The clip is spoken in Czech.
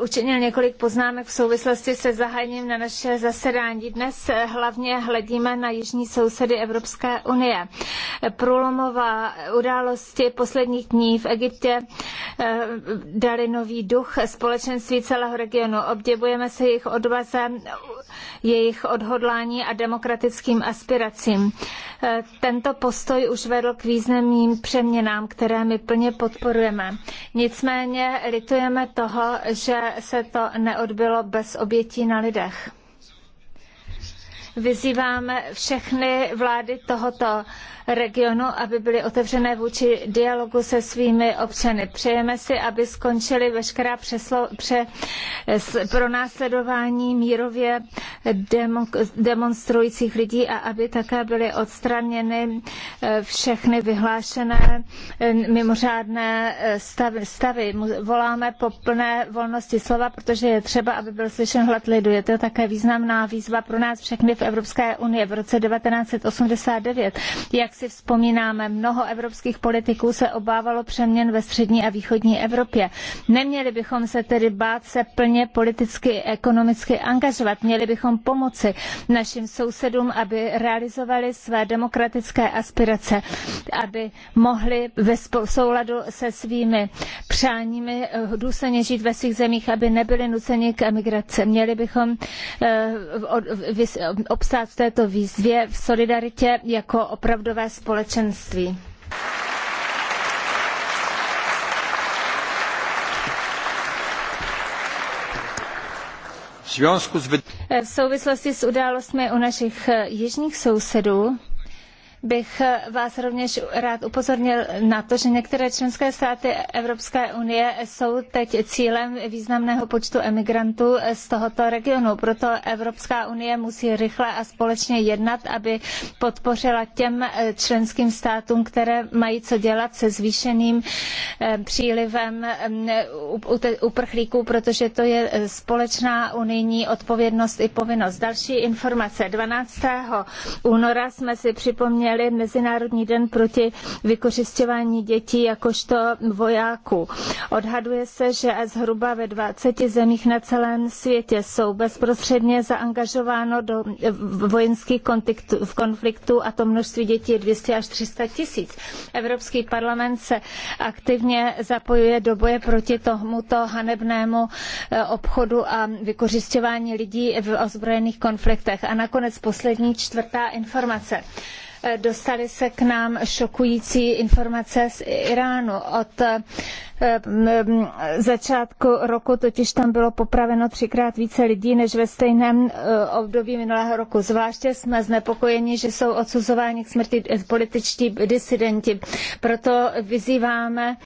učinil několik poznámek v souvislosti se zahájením na naše zasedání. Dnes eh, hlavně hledíme na jižní sousedy Evropské unie. Průlomová události posledních dní v Egyptě Eh, dali nový duch společenství celého regionu. Obdivujeme se jejich odvaze, jejich odhodlání a demokratickým aspiracím. Eh, tento postoj už vedl k významným přeměnám, které my plně podporujeme. Nicméně litujeme toho, že se to neodbylo bez obětí na lidech. Vyzýváme všechny vlády tohoto regionu, aby byly otevřené vůči dialogu se svými občany. Přejeme si, aby skončily veškerá přeslo, pře, pronásledování mírově demo, demonstrujících lidí a aby také byly odstraněny eh, všechny vyhlášené eh, mimořádné eh, stavy. stavy. Voláme po plné volnosti slova, protože je třeba, aby byl slyšen hlad lidu. Je to také významná výzva pro nás všechny v Evropské unie v roce 1989. Jak si vzpomínáme, mnoho evropských politiků se obávalo přeměn ve střední a východní Evropě. Neměli bychom se tedy bát se plně politicky, ekonomicky angažovat. Měli bychom pomoci našim sousedům, aby realizovali své demokratické aspirace, aby mohli v souladu se svými přáními eh, důsledně žít ve svých zemích, aby nebyli nuceni k emigraci. Měli bychom eh, obstát v této výzvě v solidaritě jako opravdové společenství. Eh, v souvislosti s událostmi u našich jižních sousedů bych vás rovněž rád upozornil na to, že některé členské státy Evropské unie jsou teď cílem významného počtu emigrantů z tohoto regionu. Proto Evropská unie musí rychle a společně jednat, aby podpořila těm členským státům, které mají co dělat se zvýšeným eh, přílivem eh, uprchlíků, protože to je eh, společná unijní odpovědnost i povinnost. Další informace. 12. února jsme si připomněli měli Mezinárodní den proti vykořišťování dětí jakožto vojáků. Odhaduje se, že zhruba ve 20 zemích na celém světě jsou bezprostředně zaangažováno do vojenských konfliktů a to množství dětí je 200 až 300 tisíc. Evropský parlament se aktivně zapojuje do boje proti tomuto hanebnému eh, obchodu a vykořišťování lidí v ozbrojených konfliktech. A nakonec poslední čtvrtá informace dostaly se k nám šokující informace z Iránu. Od eh, začátku roku totiž tam bylo popraveno třikrát více lidí než ve stejném eh, období minulého roku. Zvláště jsme znepokojeni, že jsou odsuzováni k smrti političtí disidenti. Proto vyzýváme